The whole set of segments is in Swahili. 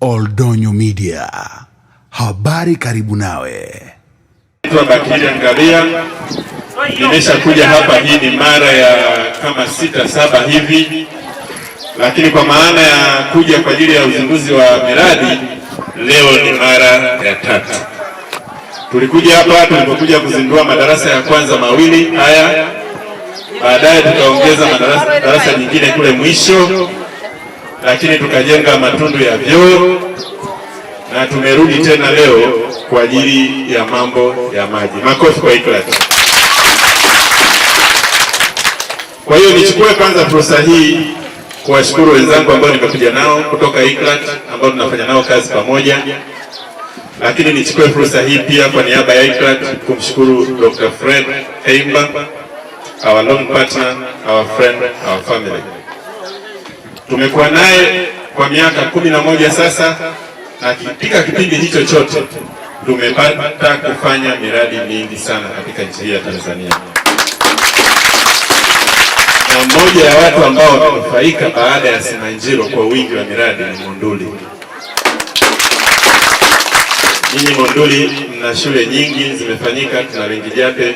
Oldonyo Media. Habari karibu nawe. Naitwa Bakili Ngalia. Nimeshakuja hapa, hii ni mara ya kama sita saba hivi, lakini kwa maana ya kuja kwa ajili ya uzinduzi wa miradi leo ni mara ya tatu. Tulikuja hapa tulipokuja kuzindua madarasa ya kwanza mawili haya, baadaye tukaongeza madarasa, darasa nyingine kule mwisho lakini tukajenga matundu ya vyoo na tumerudi tena leo kwa ajili ya mambo ya maji. Makofi kwa Iklata. Kwa hiyo nichukue kwanza fursa hii kuwashukuru wenzangu ambao nimekuja nao kutoka Iklat ambao tunafanya nao kazi pamoja, lakini nichukue fursa hii pia kwa niaba ya Iklat kumshukuru Dr. Fred Heimba, our long partner, our friend, our family. Tumekuwa naye kwa miaka kumi na moja sasa, na katika kipindi hicho chote tumepata kufanya miradi mingi sana katika nchi hii ya Tanzania, na mmoja ya watu ambao wamenufaika baada ya Simanjiro kwa wingi wa miradi ni Monduli. Nyinyi Monduli mna shule nyingi zimefanyika, tuna Lengi Jape,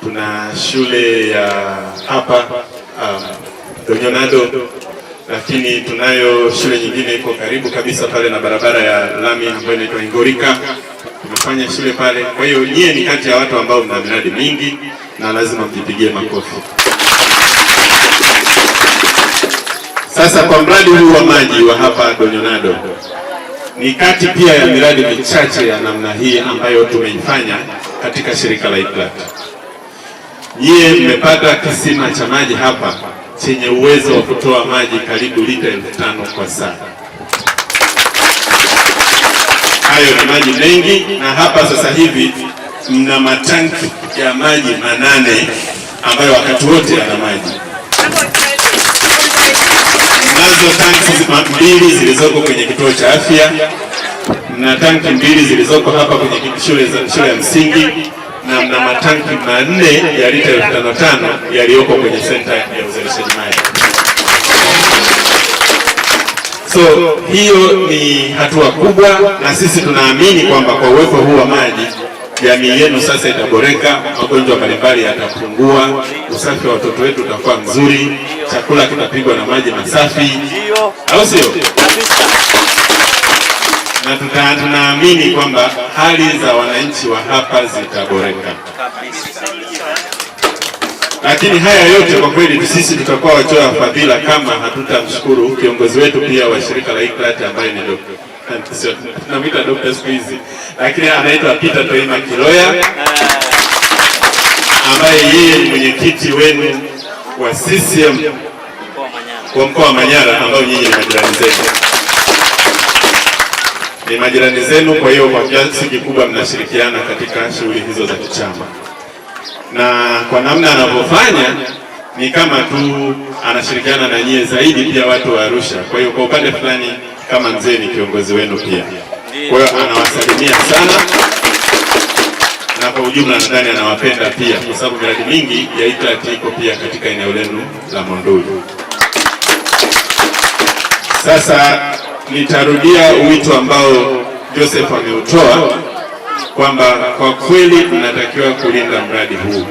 tuna shule ya hapa um, Donyonado lakini tunayo shule nyingine iko karibu kabisa pale na barabara ya lami ambayo inaitwa Ingorika, tumefanya shule pale. Kwa hiyo nyie ni kati ya watu ambao mna miradi mingi na lazima mjipigie makofi. Sasa kwa mradi huu wa maji wa hapa Donyonado ni kati pia ya miradi michache ya namna hii ambayo tumeifanya katika shirika la Iplat. Nyie mmepata kisima cha maji hapa chenye uwezo wa kutoa maji karibu lita elfu tano kwa saa. Hayo ni maji mengi, na hapa sasa hivi mna matanki ya maji manane ambayo wakati wote yana maji. Mnazo tanki mbili zilizoko kwenye kituo cha afya na tanki mbili zilizoko hapa kwenye shule ya msingi na mna matanki manne ya lita elfu tano tano yaliyoko kwenye senta ya uzalishaji maji. So hiyo ni hatua kubwa, na sisi tunaamini kwamba kwa uwepo huu wa maji jamii yenu sasa itaboreka, magonjwa mbalimbali yatapungua, usafi wa watoto wetu utakuwa mzuri, chakula kitapigwa na maji masafi, au sio? na tunaamini kwamba hali za wananchi wa hapa zitaboreka. Lakini haya yote kwa kweli sisi tutakuwa watoa fadhila kama hatutamshukuru kiongozi wetu pia wa shirika la iklat ambaye ni dokta, tunamwita dokta siku hizi, lakini anaitwa Peter Toima Kiloya ambaye yeye ni mwenyekiti wenu wa CCM kwa mkoa wa Manyara ambao nyinyi ni majirani zetu ni majirani zenu, kwa hiyo kwa kiasi kikubwa mnashirikiana katika shughuli hizo za kichama, na kwa namna anavyofanya ni kama tu anashirikiana na nyie zaidi, pia watu wa Arusha. Kwa hiyo kwa upande fulani kama mzee ni kiongozi wenu pia, kwa hiyo anawasalimia sana na kwa ujumla nadhani anawapenda pia, kwa sababu miradi mingi ya ITAT iko pia katika eneo lenu la Monduli. Sasa nitarudia wito ambao Joseph ameutoa kwamba kwa kweli tunatakiwa kulinda mradi huu.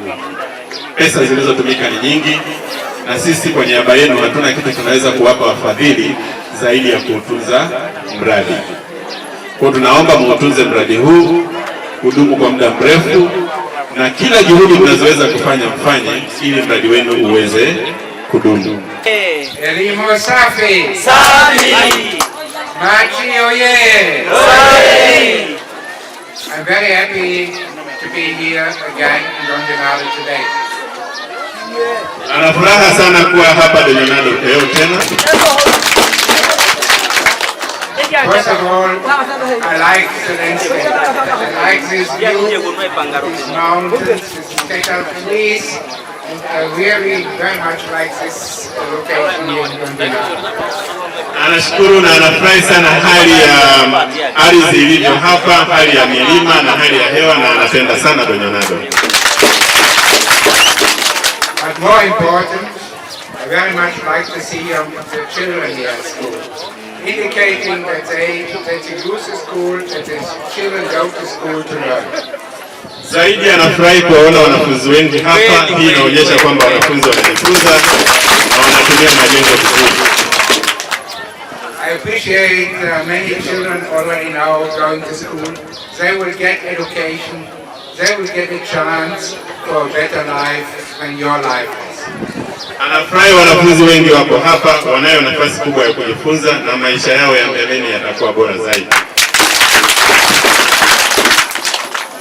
Pesa zilizotumika ni nyingi, na sisi kwa niaba yenu hatuna kitu tunaweza kuwapa wafadhili zaidi ya kuutunza mradi. Kwa tunaomba muutunze mradi huu kudumu kwa muda mrefu, na kila juhudi mnazoweza kufanya mfanye, ili mradi wenu uweze kudumu. Eh. Elimu safi. Marching I'm very happy to be here again in Donjonado today. Ana furaha sana kuwa hapa Donjonado leo tena. First of all, I like the landscape. I like these view, this fatal place. I really very much like this location in Donjonado. anashukuru na anafurahi sana hali ya ardhi ilivyo hapa, hali ya milima na hali ya hewa, na anapenda sana Donyonadoa. Zaidi anafurahi kuwaona wanafunzi wengi hapa. Hii inaonyesha kwamba wanafunzi wanajifunza na wanatumia majengo vizuri. I appreciate uh, many children already now going to school. They will get education. They will get a chance for a better life than your life is. Anafurahi wanafunzi wengi wako hapa, wanayo nafasi kubwa ya kujifunza na maisha yao ya mbeleni yatakuwa bora zaidi.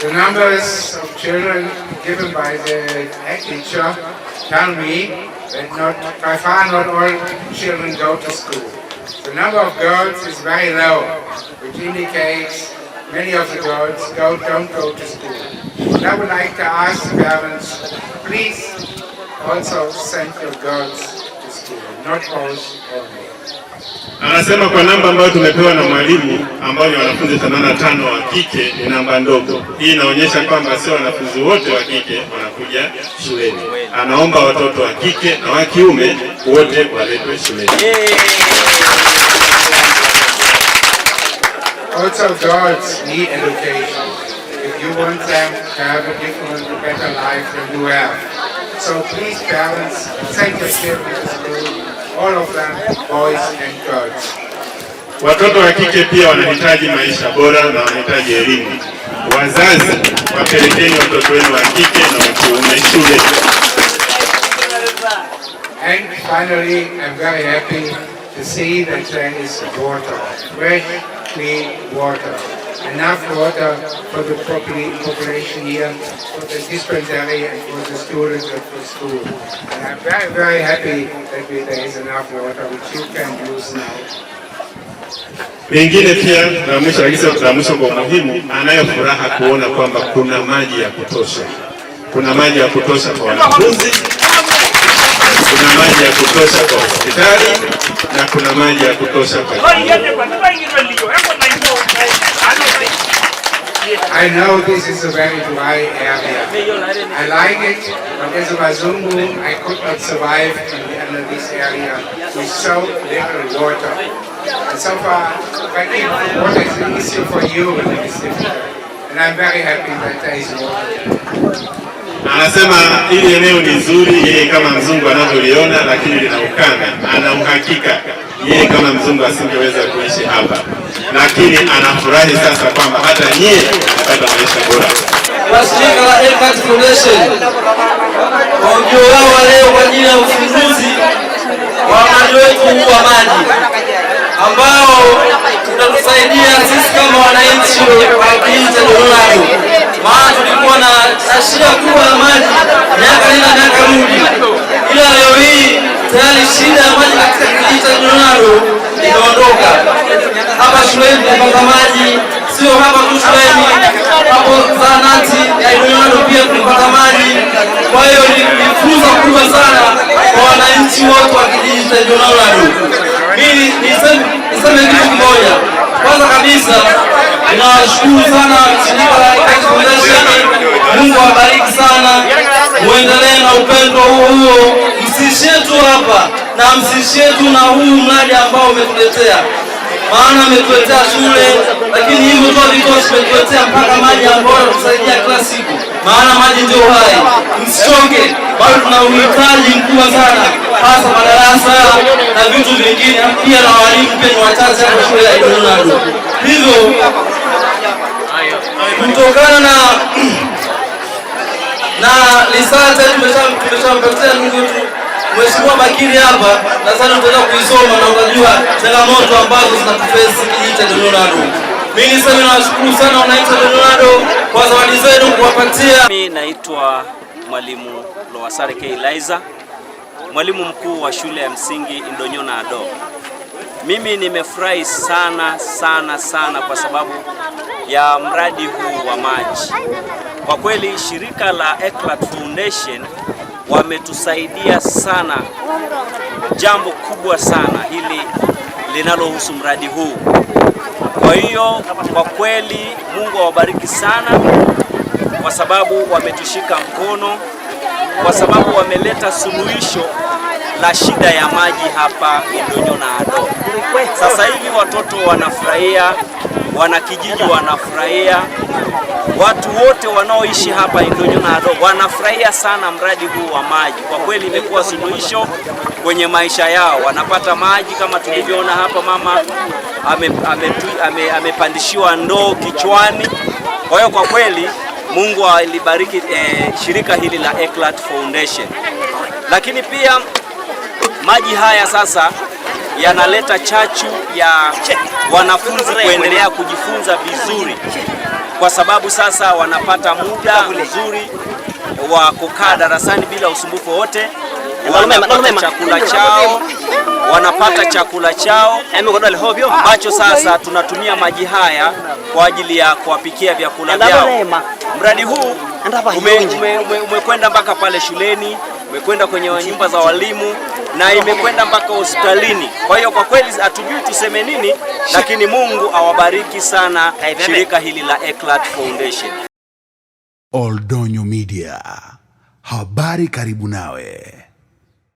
The numbers of children given by the teacher tell me that not, by far not all children go to school. The number of girls is very low, which indicates many of the girls go, don't go to school. And I would like to ask parents, please also send your girls to school, not both only. Anasema kwa namba ambayo tumepewa na mwalimu ambao ni wanafunzi 85 wa kike ni namba ndogo. Hii inaonyesha kwamba sio wanafunzi wote wa kike wanakuja shuleni. Anaomba watoto wa kike na wa kiume wote waletwe shuleni. Yeah all of them boys and girls. Watoto wa kike pia wanahitaji maisha bora na wanahitaji elimu. Wazazi, wapelekeni watoto wenu wa kike na wa kiume shule. And finally, I'm very happy to see that there is a daughter clean water. Enough water for the population here, for the district area, and for the students and the school. And I'm very, very happy that we, there is enough water which you can use now. Mengine pia na mwisho, lakini na mwisho kwa muhimu, anayo furaha kuona kwamba kuna maji ya kutosha, kuna maji ya kutosha kwa wanafunzi, kuna maji ya kutosha kwa hospitali na kuna maji ya kutosha. I know this is a very dry area. I like it, but as a Wazungu, I could not survive under this area with so little water. And so far, Becky, what is the issue for you in this area? And I'm very happy that there is water. Anasema hili eneo ni zuri, yeye kama mzungu anavyoliona, lakini lina ukanga, Ana uhakika yeye kama mzungu asingeweza kuishi hapa, lakini anafurahi sasa kwamba hata nyie mtapata maisha bora. Washirika wa Impact Foundation kwa ujio wao wa leo kwa ajili ya ufunguzi wa mradi wetu wa maji ambao utatusaidia sisi kama wana asiyokuwa maji miaka nenda miaka rudi, ila leo hii tayari shida ya maji katika kijiji cha Nyonaro inaondoka. Hapa shuleni tunapata maji, sio hapa tu shuleni, hapo zahanati ya Nyonaro pia tunapata maji. Kwa hiyo ni fursa kubwa sana kwa wananchi wote wa kijiji cha Nyonaro. Mimi niseme kitu kimoja, kwanza kabisa ninawashukuru sana shirika la Foundation Mungu awabariki sana, muendelee na upendo huo huo, msiishie tu hapa na msiishie tu na huu mradi ambao umetuletea, maana ametuletea shule, lakini hivyo tu havitoshi, ametuletea mpaka maji ambayo yanatusaidia kila siku, maana maji ndio hai. Msichoke, bado tuna uhitaji mkubwa sana, hasa madarasa na vitu vingine, pia na walimu pia ni wachache hapa shule ya Idonado, hivyo kutokana na risala tumeshampatia ndugu tu Mheshimiwa Bakiri hapa, nadhani utaenda kuisoma na utajua changamoto ambazo zinatufesi kijiji cha Donolado. Mimi niseme nawashukuru sana wananchi wa Donolado kwa zawadi zenu kuwapatia. Mimi naitwa Mwalimu Lowasare K. Eliza, mwalimu mkuu wa shule ya msingi Indonyona Ado. Mimi nimefurahi sana sana sana kwa sababu ya mradi huu wa maji. Kwa kweli shirika la Eclat Foundation wametusaidia sana, jambo kubwa sana hili linalohusu mradi huu. Kwa hiyo kwa kweli Mungu awabariki sana, kwa sababu wametushika mkono, kwa sababu wameleta suluhisho la shida ya maji hapa Indonyo na Ado. Sasa hivi watoto wanafurahia, wanakijiji wanafurahia, watu wote wanaoishi hapa Indonyo na Ado wanafurahia sana mradi huu wa maji. Kwa kweli imekuwa suluhisho kwenye maisha yao, wanapata maji kama tulivyoona hapa, mama amepandishiwa ame, ame ndoo kichwani. Kwa hiyo kwa kweli Mungu alibariki eh, shirika hili la Eclat Foundation, lakini pia Maji haya sasa yanaleta chachu ya wanafunzi kuendelea kujifunza vizuri, kwa sababu sasa wanapata muda mzuri wa kukaa darasani bila usumbufu wote. Wanapata chakula chao, wanapata chakula chao ambacho sasa tunatumia maji haya kwa ajili ya kuwapikia vyakula vyao. Mradi huu umekwenda ume, ume, ume mpaka pale shuleni, umekwenda kwenye nyumba za walimu na imekwenda mpaka hospitalini. Kwa hiyo kwa kweli hatujui tuseme nini, lakini Mungu awabariki sana shirika hili la Eclat Foundation. Oldonyo Media, habari karibu nawe.